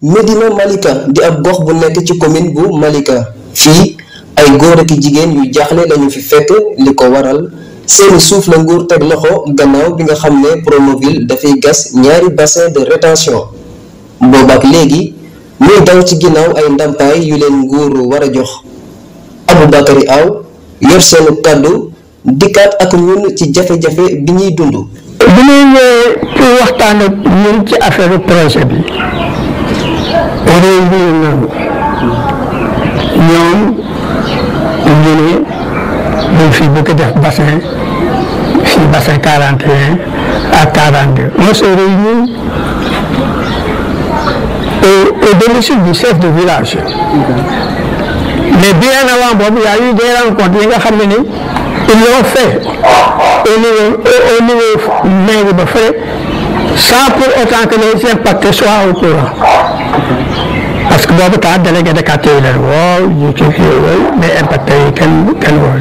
Médina Malika di ab gox bu nekk ci commune bu Malika fii ay góor ak jigéen yu jaaxle lañu fi fekk li ko waral seeni suuf la nguur teg loxo gannaaw bi nga xam ne Promoville dafay gas ñaari bassin de rétention boobaak léegi ñuy daw ci ginnaaw ay ndàmpaay yu leen nguur war a jox Aboubacary Aw yor seenu kàddu dikkaat ak ñun ci jafe-jafe bi ñuy dund bi ñuy ñëwee waxtaan ak ñun ci affaire projet bi réew mi la nangu ñoom ñu ne ñu fi bëgg def bassin fi bassin quarante et un quarante deux on se réunit au domicile du chef de village mais bien avant boobu y a eu des rencontres nga xam ne ni ils l'ont fait au niveau au niveau mairie ba fële sans pour autant que les impactés soient au courant parce que boobu temps délégué de quartier yi leen woo ñu ci kii yooyu mais impacté yi kenn kenn woo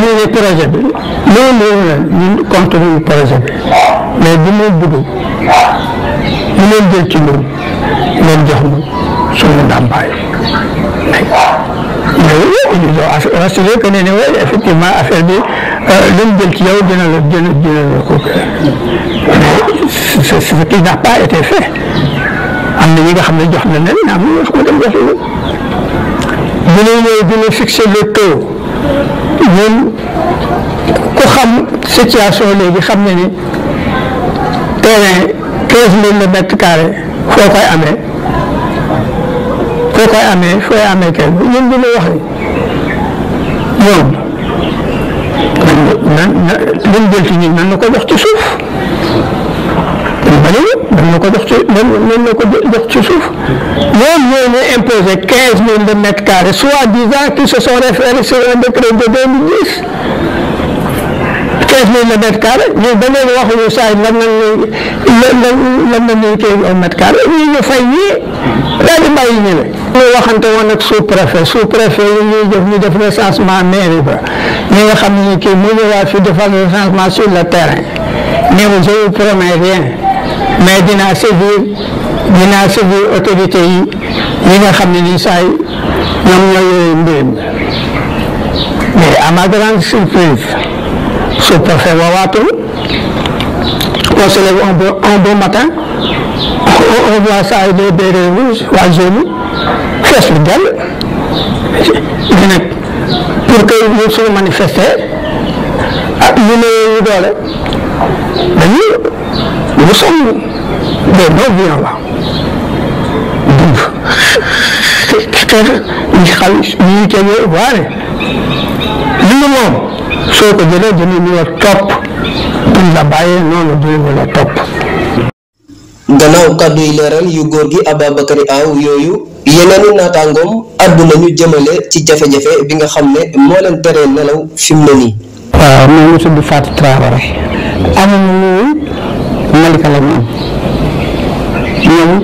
ne projet bi loolu loolu leen ñun compte ñu projet bi mais mu bëgg ñu leen jël ci ñun leen jox ñu suñu ndàmpaay mais ñu doon rassuré que ne ne oui effectivement affaire bi euh, lu mu jël ci yow dina la dina dina c'est ce n'a pas été fait am na ñi xam ne jox na leen am na ñoo xam ne dem joxuñu ñu ne ñooy dina fixer le taux ñun ku xam xam ne ni terrain quinze mille le mètre carré foo koy amee foo amee fooy amee kenn ñun wax ni ñoom nan nan nan jël ci ñun na ko jox ci suuf bañuñu dañ ko jox ci ko jox ci suuf ñoom ñoo ñu imposé quinze mille de mètres carrés soi-disant qui se sont référés sur un décret de 2010 quinze mille de mètres carrés ñu dañ leen wax ñu yi lan la ñuy lan la ñuy kii un mètre carré ñu ñu fay ñii daal di bàyyi ñu ne yi ñuy def ñu def recensement ba ñi nga xam ne kii mu ñëwaat fi defal recensement sur le terrain mais vous ne vous promet rien mais dinaa saisir dinaa saisir autorité yi yi nga xam ne ni saay ñoom ñooy mbir mi mais à ma grande surprise ce préfet wawaatul on se lève un matin on voit ça les bérets waa jaune fees lu dell nag pour que ñu suñu manifester ah ñu ne doole dañuy nous sommes des non-violents là. xeex ñi moom soo ko jëlee dinañ la topp duñ topp. gannaaw kàddu yi leeral yu góor gi Ababakary Aw yooyu yeneeni naataangoom àddu nañu jëmale ci jafe-jafe bi nga xam ne moo leen teree nelaw fi mu ne nii. waaw maa ngi tudd Fatou Traoré. am Malika la ñu am ñoom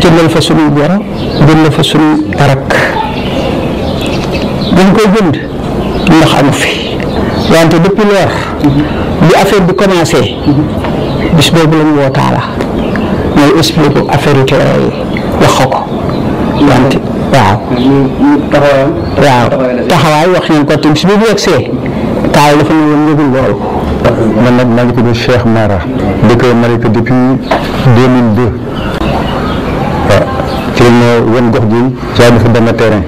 jëndal fa suñuy goro jëndal fa suñuy tarak dañ koy jënd ndox amu fi wante depuis leer bi affaire bi commencé bis boobu la ñu woo Talla mooy expliqué affaire yu terrain yi wax ko wante waaw. waaw taxawaay wax nañ ko te bis bi bu yegsee Talla dafa ñëwoon yëgul loolu. man nag maa ngi tudd Cheikh Mara dëkk Malika depuis ci lañ ma gox ji jaay ma fa benn terrain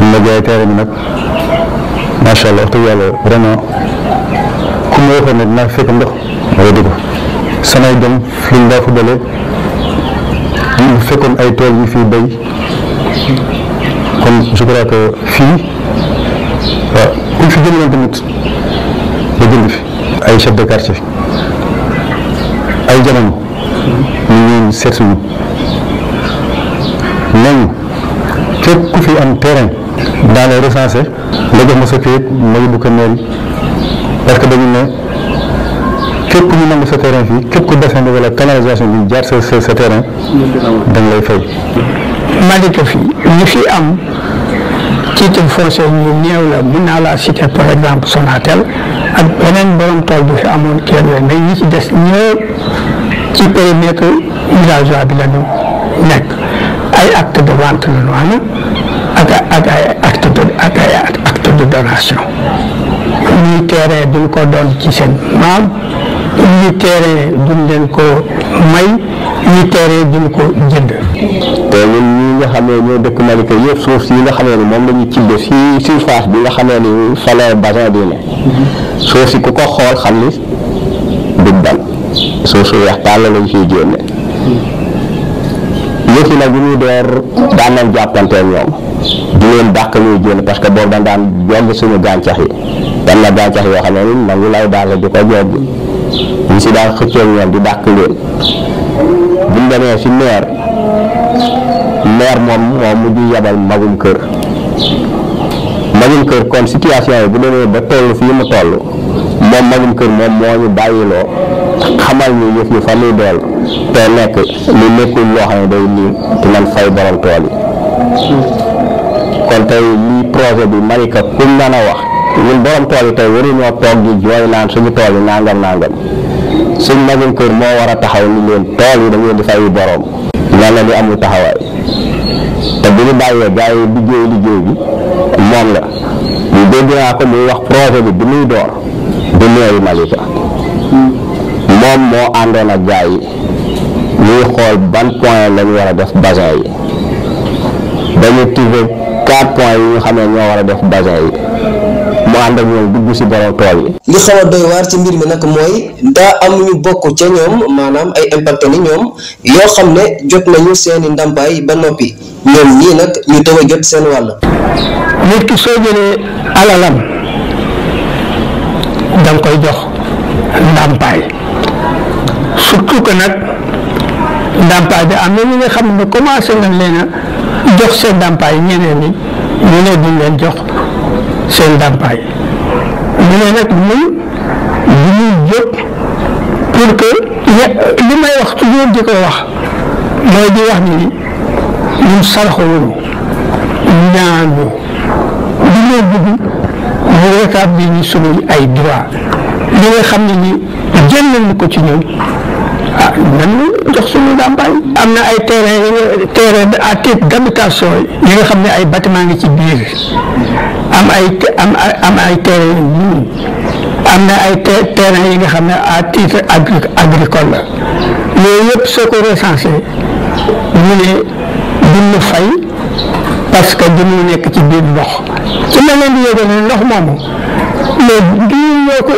bi nag macha allah wax dëgg yàlla fekk ndox samay dem fi ñu daa fa fekkoon ay tool yi fii béy kon je crois que fii waaw ku fi jëlee woon jóge fi ay chef de quartier ay jamono ñu ngi seet si nañu képp ku fi am terrain daa lay recensé nga jox ma sa kayit ma yóbbu ko parce que dañu ne képp ku ñu nangu sa terrain fii képp ku dessin bi wala canalisation bi jaar sa sa terrain dañ lay fay. Malika fi ñu fi am. titre foncier ñu néew la mën naa laa citer par exemple Sonatel ak beneen borom tool bu fi amoon kenn mais ñi ci des ñëpp ci périmètre villageois bi la ñu nekk ay acte de vente la ñu am ak ko doon ci seen maam ñuy teeree duñ leen ko may ñuy teeree duñ ko jënd. xam ne ñoo dëkk Malika yëpp suuf si nga xam ne moom la ñu cible si surface bi nga xam ne ni fa la basin bi ne suuf si ku ko xool xam ni du ban suuf su weex tàll la lañ fiy génne yëf yi bu ñuy door daan nañ jàppantee leen dàq ñuy génn parce suñu gàncax yi dam na gàncax yoo xam ne ni nangu lay daal di ko jogg ñu si daan xëccoo ñoom di dàq leen buñ demee si meer Kayar moom moom mujj yabal magum kër magum kër kon situation yi bu demee ba toll fii mu toll moom magum kër moom moo ñu ñu yëf yi fa muy ne day nii dinañ fay borom tool yi kon tey lii projet bi Malika ku mën a wax ñun borom tool yi tey waruñoo toog di kër moo war a taxaw ni leen tool yi da di fay borom. yàlla li amul taxawaay te bu ñu bàyyee gars yi liggéey liggéey bi moom la ñu dégg naa ko muy wax projet bi bu muy door du meeri Malika moom moo àndoon ak gars yi ñuy xool ban point la ñu war a def basin yi dañu trouvé quatre points yi nga xam ne ñoo war a def basin yi mu ànd ak ñoom dugg si borom tool li xaw a doy waar ci mbir mi nag mooy daa am ñu bokk ca ñoom maanaam ay impacté ni ñoom yoo xam ne jot nañu seeni ndàmpaay ba noppi ñoom ñii nag ñu daw jot seen wàll. nit ki soo jëlee alalam da koy jox ndàmpaay surtout que nag ndàmpaay bi am na ñi nga xam ne commencé nañ leen jox seen ndàmpaay ñeneen ñi ñu duñ leen jox. seen ndàmpaay ñu ne nag ñun du ñuy jóg pour que li may wax toujours di ko wax mooy di wax ni ñun sarxuwunu ñaanu du ñoo bëgg mu rétablir ñu suñuy ay droit li nga xam ne ni jël nañu ko ci ñoom ah nañu jox suñu ndàmpaay am na ay terrain terrain à titre d'habitation yi nga xam ne ay bâtiment ngi ci biir am ay am am ay terrain am na ay terrain yi nga xam ne à titre agricole la yooyu soo ko recensé ñu ne fay parce que dañuy nekk ci biir ndox ci ma leen di yëgal ne ndox moomu mais du ñu ñoo ko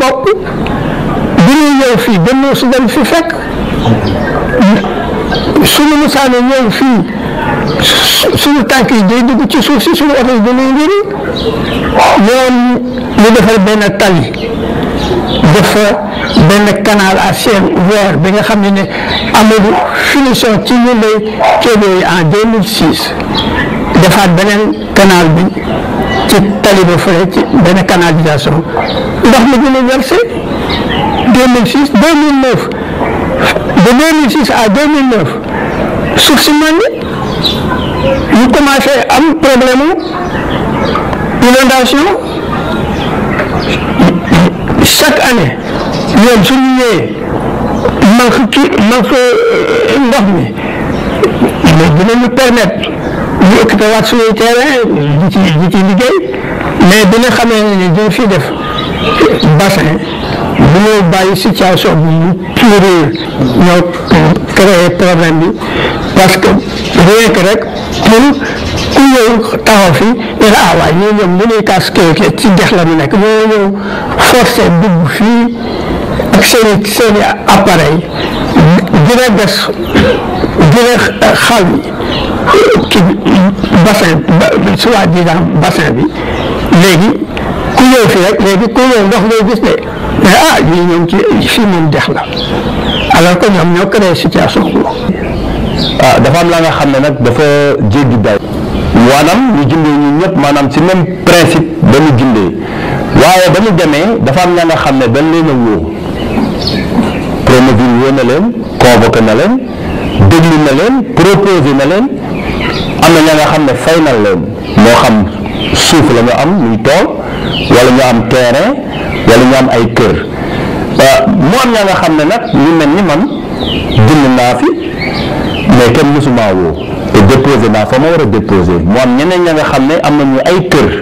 bopp du ñu fii dañoo su dem fi fekk suñu musaane ñëw fii. suñu tànk yi day ci suuf si suñu oto yi dañuy njëriñ yoon ñu defar benn tali dafa benn canal à ciel ouvert bi nga xam ne ne amul finition ci ñu lay Kébé en 2006 defaat benn canal bi ci tali ba fële ci benn canalisation ndox mi gën a versé 2006 2009 de 2006 à 2009 si mel ñu commencé am problème inondation chaque année ñoom suñu ñëwee manque ki manque euh, ndox mi mais dinañu permettre ñu occupé waat suñuy terrain di ci di ci liggéey mais dina xamee ne dañ fi def bassin bu ñoo bàyyi situation bi mu purée ñoo créé problème bi parce que rien que rek pour ku ñëw taxaw fi ne la ah waaye ñoo ñoom bu ñuy kaas kee ci dex la ñu nekk ñoo ñëw forcé dugg fii ak seen i seen i appareil gën a des gën a xal ci bassin soi-disant bassin bi léegi ku ñëw fi rek léegi ku ñëw ndox ngay gis ne mais ah ñii ñoom ci fii moom dex la alors que ñoom ñoo créé situation boobu ah dafa am la nga xam ne nag dafa jéggi day waanam ñu jëndee ñu ñëpp maanaam ci même principe ba ñu jëndee waaye ba ñu demee dafa am ña nga xam ne dañ leen a wóor Promoville woo na leen convoqué na leen déglu na leen proposé na leen am na ña nga xam ne fay na leen moo xam suuf la ñu am muy tool wala ñu am terrain wala ñu am ay kër ah, mu am ña nga xam ne nag ñu mel ni man jënd naa fi mais kenn mësuma woo te déposé naa fa ma war a déposé mu am ñeneen ña nga xam ne am nañu ay kër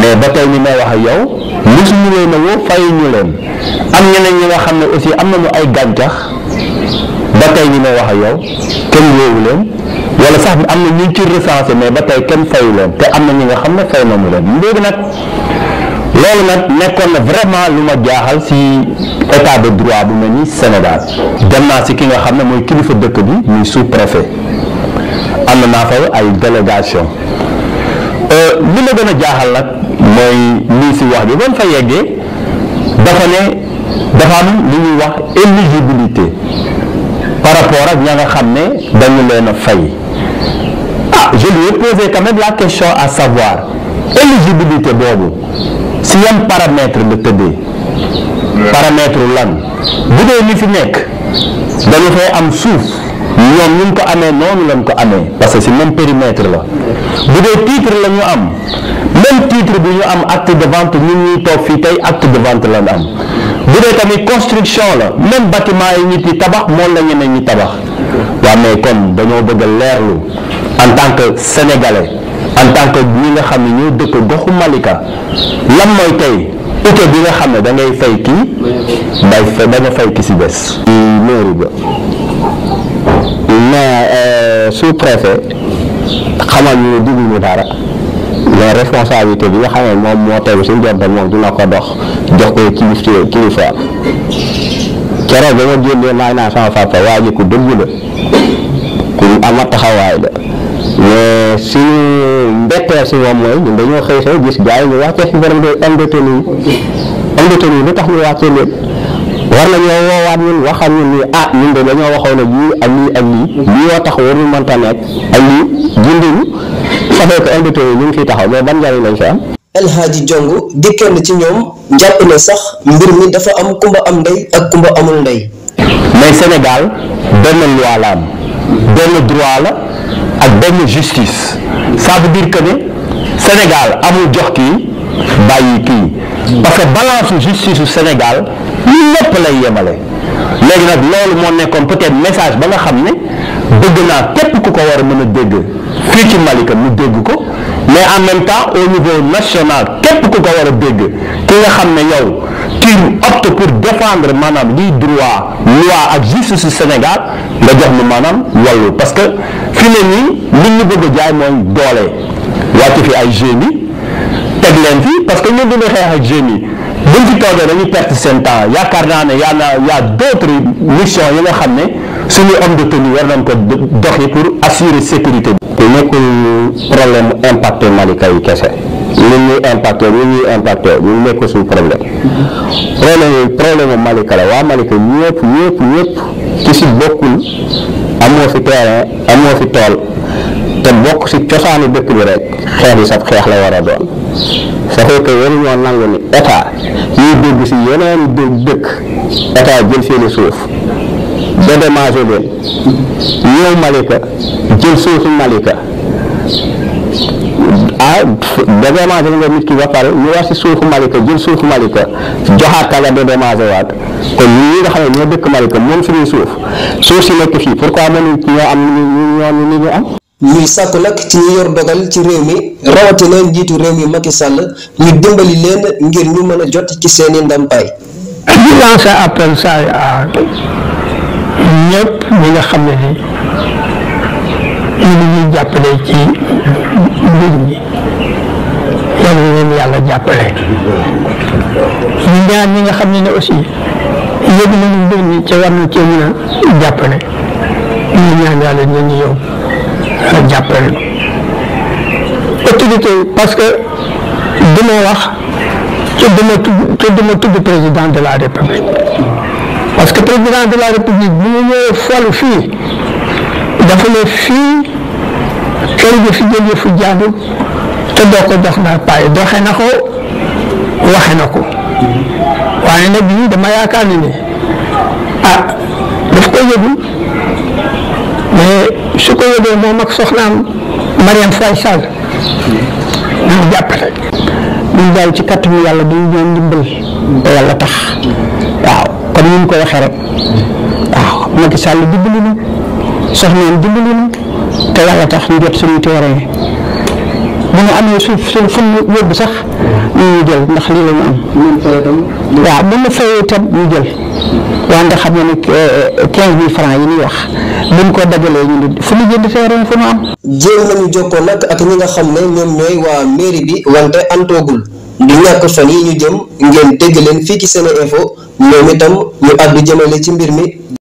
mais ba tey ñu may wax a yow mësuñu leen a woo fayu ñu leen am ñeneen ñi nga xam ne aussi am nañu ay gàncax ba tey ñu may wax ak yow kenn woowu leen wala sax am na ñu ci recensé mais ba kenn fayu leen am na ñi nga xam ne fay nañu leen léegi nag loolu nag nekkoon na vraiment lu ma jaaxal si état de droit bu mel ni Sénégal dem naa si ki nga xam ne mooy kilifa dëkk bi muy sous préfet am na naa fa ay délégation euh, li ma gën a jaaxal nag mooy lii si wax bi ban fa yeggee dafa ne dafa am lu ñuy wax éligibilité par rapport ak ña nga xam ne dañu leen a fay ah je lui ai posé quand la question à savoir éligibilité boobu si yan paramètre la tëddee paramètre lan bu dee li fi nekk dañu fay am suuf ñoom ñu ko amee noonu lañ ko amee parce que si même périmètre la bu dee titre la ñu am même titre bi ñu am acte de vente ñun ñuy toog fii tey acte de vente lañ am bu dee tamit construction la même bâtiment yi nit ñi tabax moom la ñeneen ñi tabax waaw mais kon dañoo bëgg a leerlu en tant que sénégalais en tant que ñi nga xam ne ñoo dëkk goxu Malika lan mooy tey ute bi nga xam ne dangay ngay fay kii day fay da nga fay ki si des. mairie ba mais euh, sous préfet ñu ne digguñu dara mais responsabilité bi nga xam ne moom moo tegu si njort moom dina ko dox jox ko kilifa kilifa keroog ba ma génnee maay naa sama papa waa ji ku dëgg la ku am la. suñu mbetteel si moom mooy ñun dañoo xëy xëy gis gars yi ñu wàccee fi borom de homme de tenue lu tax ñu wàccee leen war nañoo woowaat ñun waxal ñun ni ah ñun de dañoo waxoon ne lii ak lii ak lii lii yoo tax warul mënta nekk ak lii jënduñu ça fait que homme de tenue yi taxaw mais ban njariñ lañ fi am. El Hadji Diongue di kenn ci ñoom jàpp ne sax mbir mi dafa am kumba am ndey ak kumba amul ndey. mais Sénégal benn loi la droit la. ak benn justice ça veut dire que ne Sénégal amul jox kii bàyyi kii parce que balance justice u Sénégal lépp lay yemale léegi nag loolu moo nekkoon peut-être message ba nga xam ne bëgg naa képp ku ko war a mën a dégg fii ci Malika mu dégg ko mais en même temps au niveau national képp ku ko war a dégg ki nga xam ne yow tu optes pour défendre maanaam liy droit loi ak justice Sénégal nga jox nu maanaam yollu parce que fi ne nii li ñu bëgg a jaay mooy doole wàcc fi ay jeunes yi teg leen fi parce que ñun dañuy xeex ak jeunes yi buñ fi toogee dañuy perte seen temps yaakaar naa ne yaa na yaa d'autres mission yi nga xam ne suñu homme de tenue war nañ ko doxi pour assurer sécurité bi. te nekkul problème impacté Malika yi kese ñun ñuy impacté ñun ñuy impacté ñu nekkul suñu problème problème problème Malika la waa Malika ñëpp ñëpp ñëpp ci si amoo fi terrain amoo fi tool te bokk ci cosaanu dëkk bi rek xeex yi sab xeex la war a doon sa fekk waruñoo nangu ni état ñuy dégg ci yeneen dëkk état jël seeni suuf dédommagé leen ñëw Malika jël suufu Malika ah dédommagé nga nit ki ba pare ñu war ci suufu Malika jël suufu Malika joxaat ka nga dédommagé waat kon ñi nga xam ñoo dëkk Malika moom suñuy suuf suuf si nekk fii pourquoi mënuñ ñoo am ñu am ñu am. ñuy sàkku nag ci ñi yor dogal ci réew mi rawatina njiitu réew mi Macky Sall ñu dimbali leen ngir ñu mën a jot ci seeni ndàmpaay. di sa appel saa yi à ñëpp ñi nga xam ni ñu ngi jàppale ci mbir mi. yàlla na leen yàlla ñu ñaar xam ne ne aussi yëg nañu mbir mi ca war na cee mën a jàppale ñu ñaan yàlla nañu yow la jàppale autorité parce que du wax te du tudd président de la république parce que président de la république bu ñu ñëwee fii dafa ne fii kër gi fi jël yëfu jaadu te doo ko jox doxe na ko waxe na ko waaye nag lii dama yaakaar ne ni ah daf ko yëgul mais su ko yëgee moom ak soxnaam Mariam Faye Sall ñu jàppale ñu jaay ci kattanu yàlla mu ñëw ndimbal te yàlla tax waaw comme ni ñu ko waxee rek waaw Macky Sall dimbali na soxnaam dimbali na te yàlla tax ñu jot suñu teeree mu ñu amee suuf suñ fu ñu yóbbu sax ñu jël ndax lii la ñu am. waaw bu ñu fayee itam ñu jël waaw nga xam ne euh, euh, quinze mille francs yi ñuy wax buñ ko dajalee ñu ne fu ñu jënd terrain fu mu am. jéem nañu jokkoo nag ak ñi nga xam ne ñoom ñooy waa mairie bi wante antoogul du ñàkk fan yi ñu jëm ngeen dégg leen fii ci Sene Info ñoom itam ñu àddu jëmale ci mbir mi.